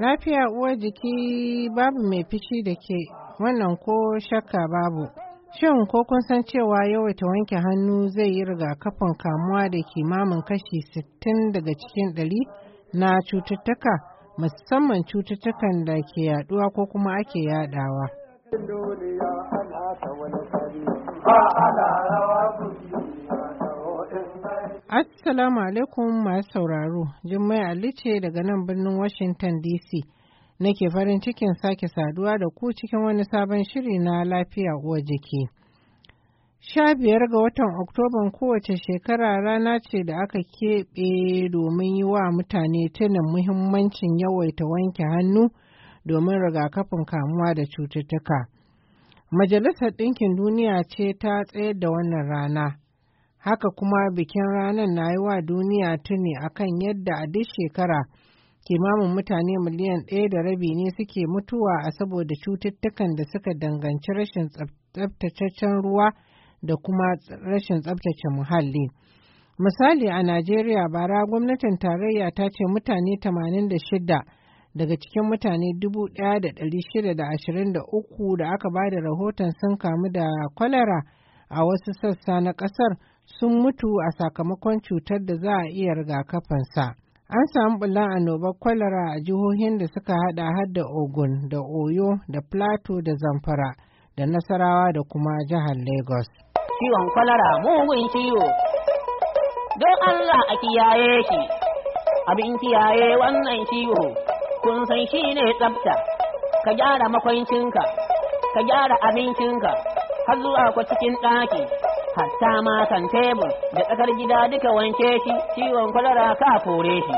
Lafiya uwar jiki babu mai fishi da ke wannan ko shakka babu. Shin ko kun san cewa yawaita wanke hannu zai yi rigakafin kamuwa da kimamin kashi sittin daga cikin ɗari na cututtuka musamman cututtukan da ke yaduwa ko kuma ake yadawa. Assalamu alaikum masu sauraro, Jummai Ali ce daga nan birnin Washington DC. Nake farin cikin sake saduwa da ku cikin wani sabon shiri na lafiya uwa jiki. Sha biyar ga watan Oktoban kowace shekara rana ce da aka keɓe domin yi wa mutane tunan muhimmancin yawaita wanke hannu domin rigakafin kamuwa da cututtuka. Majalisar Ɗinkin Duniya ce ta tsayar da wannan rana. Haka kuma bikin ranar na yi wa duniya tuni akan yadda a duk shekara kimamin mutane miliyan ɗaya da rabi ne suke mutuwa a saboda cututtukan da suka danganci rashin tsabtataccen ruwa da kuma rashin tsabtace muhalli. Misali a Najeriya bara gwamnatin tarayya ta ce mutane 86 daga cikin mutane 1,623 da aka ba da rahoton sun kamu da kwalara a wasu sassa na ƙasar sun mutu a sakamakon cutar da za a iya riga rigakafinsa. An samu bula annobar kwalara a jihohin da suka hada har da Ogun da Oyo da Plateau da Zamfara da Nasarawa da kuma jihar Lagos. Ciwon kwalara mugun ciwo. Don Allah a kiyaye shi, abin kiyaye wannan ciwo, kun san shi ne tsabta, ka gyara makwancinka, ka gyara abincinka, har zuwa kwa cikin ɗaki. hatta ma kan tebur da tsakar gida duka wanke shi ciwon kwalara ka kore shi.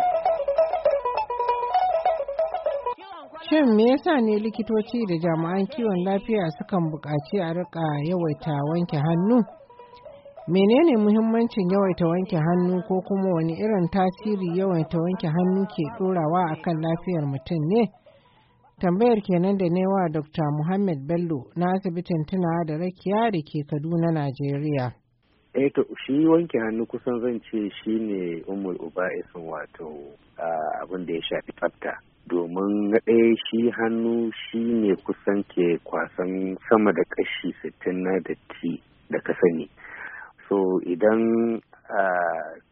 Shin me yasa ne likitoci da jami'an kiwon lafiya sukan buƙaci a rika yawaita wanke hannu? Menene muhimmancin yawaita wanke hannu ko kuma wani irin tasiri yawaita wanke hannu ke ɗorawa akan lafiyar mutum ne? Tambayar kenan da wa Dr. Muhammad Bello na asibitin tuna da rakiya da ke Kaduna, Najeriya. eh to shi wanke hannu kusan zan ce shi ne umul uba'isin wato abin da ya shafi tsafta domin na ɗaya shi hannu shi ne kusan ke kwasan sama da kashi sittin na datti da ka sani so idan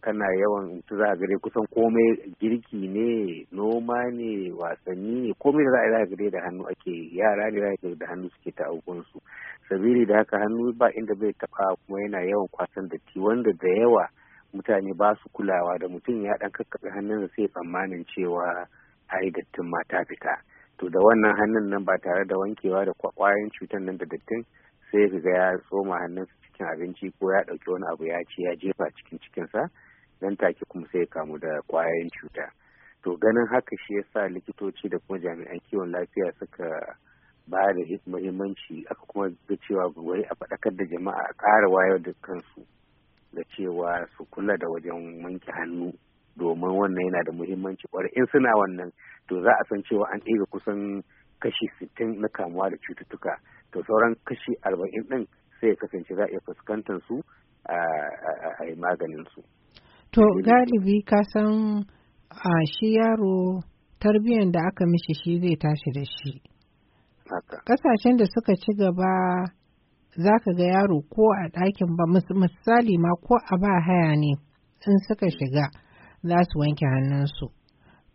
kana yawan za a gare kusan komai girki ne noma ne wasanni ne komai da za a yi gare da hannu ake yara ne za da hannu suke ta su sabili da haka hannu ba inda bai taba kuma yana yawan kwasan datti wanda da yawa mutane ba su kulawa da mutum ya dan kakkaɓe da sai tsammanin cewa ai dattin ma ta fita to da wannan hannun nan ba tare da wankewa da kwayan cutar nan da dattin sai ya ga ya tsoma hannunsa cikin abinci ko ya ɗauki wani abu ya ce ya jefa cikin cikinsa nan take kuma sai ya kamu da ƙwayoyin cuta to ganin haka shi ya sa likitoci da kuma jami'an kiwon lafiya suka ba da muhimmanci aka kuma ga cewa wai a faɗakar da jama'a a ƙara wayar da kansu da cewa su kula da wajen wanke hannu domin wannan yana da muhimmanci kwarai in suna wannan to za a san cewa an ɗiga kusan kashi sittin na kamuwa da cututtuka to sauran kashi arba'in ɗin sai ya kasance za a iya fuskantar su a yi maganin su. To galibi ka san a shi yaro tarbiyyar da aka mishi shi zai tashi da shi. Kasashen da suka ci gaba za ka ga yaro ko a ɗakin ba misali ma ko a ba haya ne in suka shiga za su wanke hannunsu.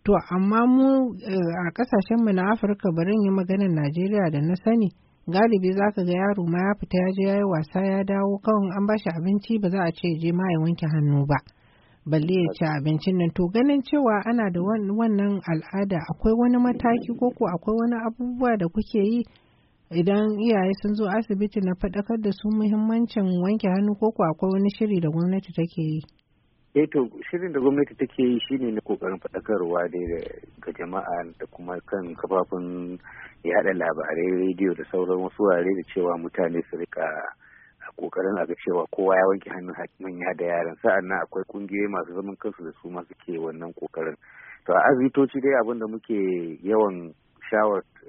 To amma mu eh, a mu na Afirka bari yi maganin Najeriya da na sani galibi za ka ga yaro ma ya fita ya je ya yi wasa ya dawo kawai an bashi abinci ba za a ce je ma ya wanke hannu ba balle ya ci abincin nan to ganin cewa ana da wannan al'ada akwai wani mataki ko ko akwai wani abubuwa da kuke yi idan iyaye sun zo asibiti na faɗakar da su muhimmancin wanke hannu ko ko akwai wani shiri da gwamnati take yi eh to shirin da gwamnati take yi shine na kokarin faɗakarwa dai ga jama'a da kuma kan kafafun yaɗa labarai rediyo da sauran wasu wurare da cewa mutane su rika kokarin a ga cewa kowa ya wanke hannun ya da yaran sa'an nan akwai kungiyoyi masu zaman kansu da su ma ke wannan kokarin to a asibitoci dai abin da muke yawan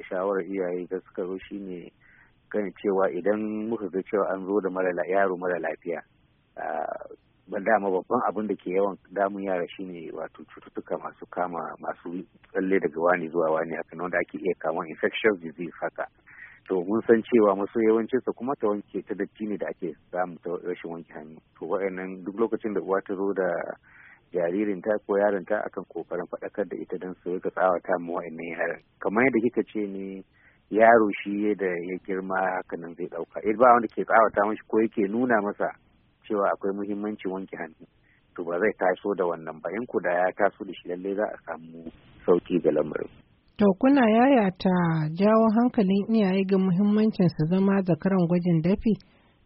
shawarar iyaye da suka zo shine kan cewa idan muka ga cewa an zo da yaro mara lafiya dama babban abin da ke yawan damun yara shine wato cututtuka masu kama masu tsalle daga wani zuwa wani haka wanda ake iya kama infectious disease haka to mun san cewa masu yawancin sa kuma ta wanke ta datti ne da ake samu ta rashin wanke hannu to wayannan duk lokacin da uwa ta zo da jaririn ta ko yaron ta akan kokarin faɗakar da ita don su rika tsawata mu wayannan yaran kamar yadda kika ce ne yaro shi da ya girma nan zai ɗauka eh, ba wanda ke tsawata mashi ko yake nuna masa cewa akwai muhimmanci wanke hannu to ba zai taso da wannan ba in da ya taso da shi lalle za a samu sauki ga lamarin. To kuna yayata jawo hankalin iyaye ga muhimmancin su zama zakaran gwajin dafi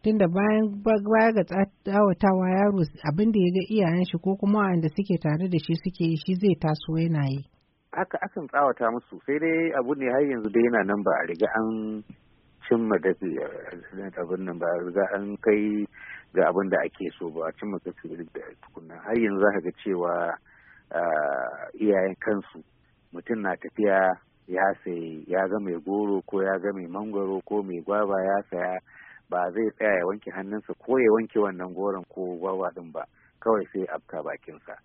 tunda bayan baya ga tsawatawa yaro abin da ya ga iyayen shi ko kuma wanda suke tare da shi suke yi shi zai taso yana yi. Aka akan tsawata musu sai dai abu ne har yanzu dai yana nan ba a riga an cimma dafi abin nan ba riga an kai ga abin da ake so ba a cin matsatsi irin da tukuna har yanzu za ka ga cewa iyayen kansu mutum na tafiya ya sai ya ga mai goro ko ya ga mai mangoro ko mai gwaba ya saya ba zai tsaya ya wanke hannunsa ko ya wanke wannan goron ko gwaba din ba kawai sai afka bakinsa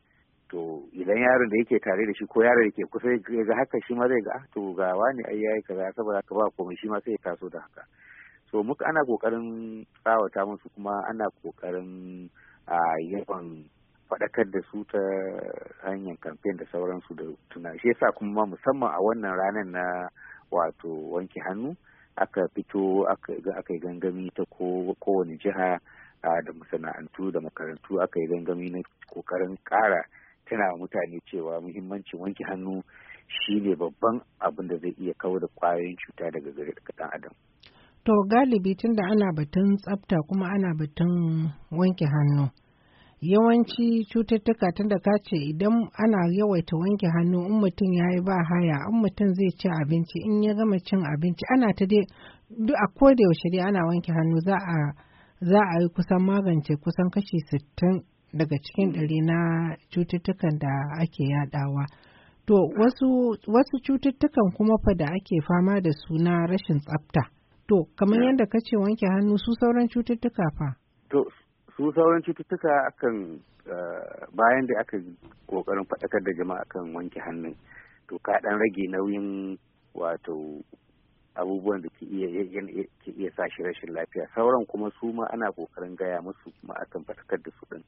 to idan yaron da yake tare da shi ko yaron da ke kusa ya ga haka shi ma zai ga ah, to ga wani ai yayi kaza saboda haka ba komai shi ma sai ya taso da haka so muka ana kokarin tsawata musu kuma ana kokarin a yawan faɗakar da su ta hanyar kamfen da sauransu da tuna shi yasa kuma musamman a wannan ranar na wato wanke hannu aka fito aka yi gangami ta kowane jiha da masana'antu da makarantu aka yi gangami na kokarin ƙara tana mutane cewa muhimmancin wanke hannu shine babban abin da zai iya kawo da kwayoyin cuta daga gare ɗan adam To galibi tunda ana batun tsafta kuma ana batun wanke hannu. Yawanci cututtuka tunda ka ce idan ana yawaita wanke hannu in mutum ya yi ba haya in mutum zai ci abinci in ya gama cin abinci ana ta dai duk a koda yaushe dai ana wanke hannu za a za a yi kusan magance kusan kashi sittin daga cikin ɗari na cututtukan da ake yadawa. To wasu wasu cututtukan kuma fa da ake fama da su na rashin tsafta. To, kamar yadda ka ce wanke hannu su sauran cututtuka fa? To, su sauran cututtuka akan eh, bayan da aka kokarin faɗakar da jama'a kan wanke hannu To, ka ɗan rage nauyin wato abubuwan da ke iya ke iya sa shi rashin lafiya sauran kuma su ma ana kokarin gaya musu kuma akan fatakar da su din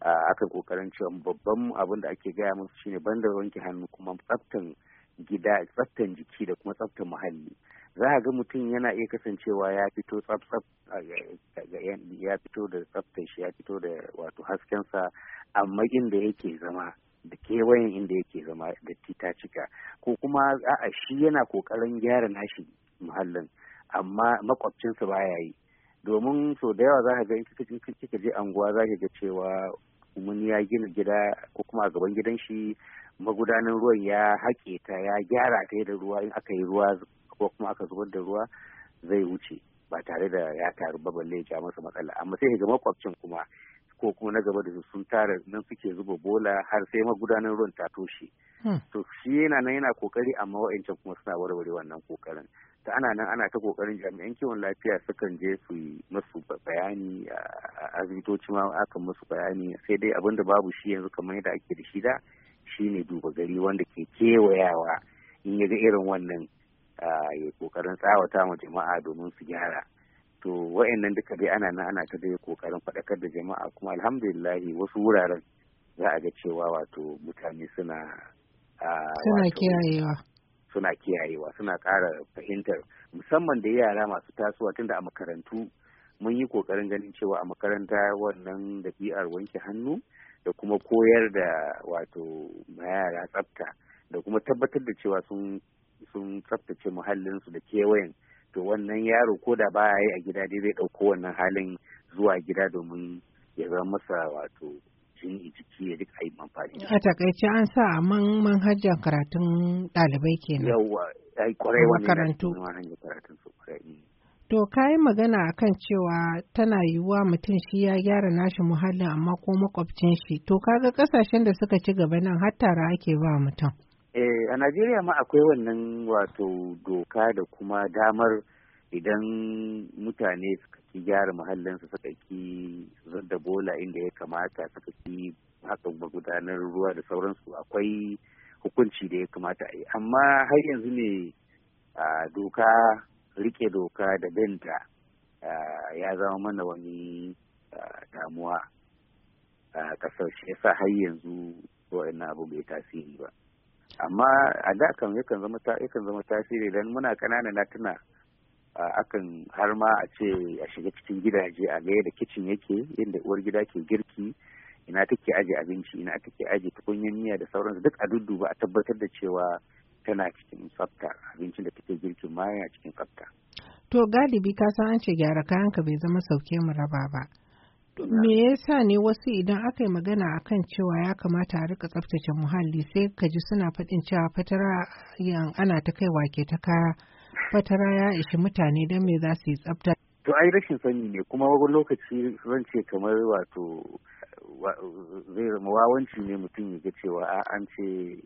aka kokarin cewa babban abin da ake gaya musu shine banda wanke hannu kuma tsaftan gida tsaftan jiki da kuma tsaftan muhalli za ga mutum yana iya kasancewa ya fito tsaf ya fito da tsaftar shi ya fito da wato haskensa amma inda yake zama da kewayen inda yake zama da tita cika ko kuma a'a shi yana kokarin gyara nashi muhallin amma makwabcinsa baya yi domin so da yawa za ka ga in kika je anguwa za ka ga cewa mun ya gina gida ko kuma a gaban gidan shi magudanin ruwan ya haƙe ta ya gyara ta da ruwa in aka yi ruwa ko kuma aka zubar da ruwa zai wuce ba tare da ya taru ba balle ya masa matsala amma sai ga makwabcin kuma ko kuma na gaba da su sun tara nan suke zuba bola har sai magudanar ruwan ta toshe hmm. to shi yana nan yana kokari amma wa'ancan kuma suna warware wannan kokarin ta ana nan ana ta kokarin jami'an kiwon lafiya sukan je su yi masu bayani a asibitoci ma akan masu bayani sai dai abin da babu shi yanzu kamar yadda ake da shida shine duba gari wanda ke kewayawa in ya ga irin wannan ya kokarin tsawata ma jama'a domin su gyara to wa'annan duka dai ana nan ana ta dai kokarin faɗakar da jama'a kuma alhamdulillahi wasu wuraren za a ga cewa wato mutane suna suna kiyayewa suna kiyayewa suna ƙara fahimtar musamman da yara masu tasowa tunda a makarantu mun yi ƙoƙarin ganin cewa a makaranta wannan dabi'ar wanke hannu da kuma koyar da wato yara tsafta da kuma tabbatar da cewa sun sun tsaftace muhallinsu da kewayen to wannan yaro ko da ba yi a gida dai zai ɗauko wannan halin zuwa gida domin ya zama masa wato jini jiki ya duk ayi amfani. A takaice an sa a man manhajar karatun ɗalibai kenan. Yawwa, ai kwarai wani makarantu. Manhajar karatun su mm. To ka yi magana a kan cewa tana yiwuwa mutum shi ya gyara nashi muhallin amma ko makwabcin shi to kaga kasashen da suka ci gaba nan har tara ake ba mutum. Eh, a Najeriya ma akwai wannan wato doka da kuma damar idan mutane suka ki gyara muhallinsu suka ki da bola inda ya kamata suka ki haka gudanar ruwa da sauransu akwai hukunci da ya kamata a yi amma har yanzu ne doka rike doka da binta ya zama mana wani damuwa a kasar shi yasa har yanzu wa'annan abu bai tasiri ba amma a da kan yakan zama ta yakan zama tasiri dan muna kanana na tuna akan har ma a ce a shiga cikin gidaje a ga yadda kicin yake inda uwar gida ke girki ina take aje abinci ina take aje tukunyar miya da sauransu duk a dudduba a tabbatar da cewa tana cikin tsafta abincin da take girki ma yana cikin tsafta to galibi ka san an ce gyara kayanka bai zama sauke mu raba ba Me yasa ne wasu idan aka yi magana a kan cewa ya kamata a rika tsaftace muhalli sai ka ji suna faɗin cewa fatara yan ana ta kai wake ta kaya fatara ya ishi mutane don me za su yi tsafta. To ai rashin sani ne kuma wani lokaci zan ce kamar wato zai zama wawanci ne mutum ya ga cewa an ce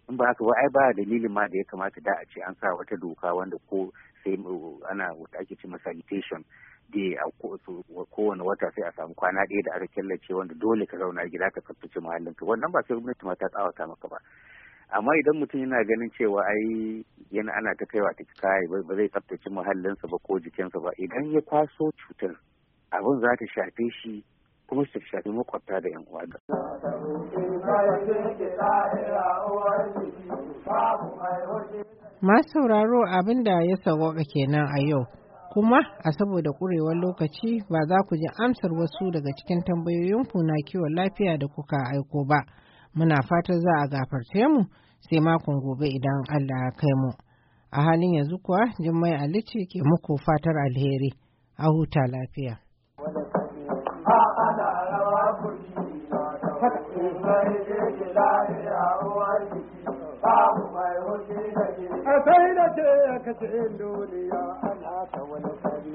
in ba haka ba ai ba dalilin ma da ya kamata da a ce an sa wata doka wanda ko sai ana wata ake ce sanitation day a kowane wata sai a samu kwana ɗaya da aka killace wanda dole ka zauna gida ka tsaftace ka wannan ba sai gwamnati ma ta tsawata maka ba amma idan mutum yana ganin cewa ai yana ana ta kaiwa ta kai ba zai tsaftace muhallinsa ba ko jikinsa ba idan ya kwaso cutar abin za ta shafe shi kuma su shafi makwabta da yan uwa Ma sauraro abin da ya sauwaka kenan a yau kuma a saboda ƙurewar lokaci ba za ku ji amsar wasu daga cikin tambayoyinku na kiwon lafiya da kuka aiko ba muna fatar za a gafarce mu sai makon gobe idan allah ya kai mu a halin yanzu kuwa jimmai alici ke muku fatar alheri a huta lafiya kashe eh, duniya ana ta wani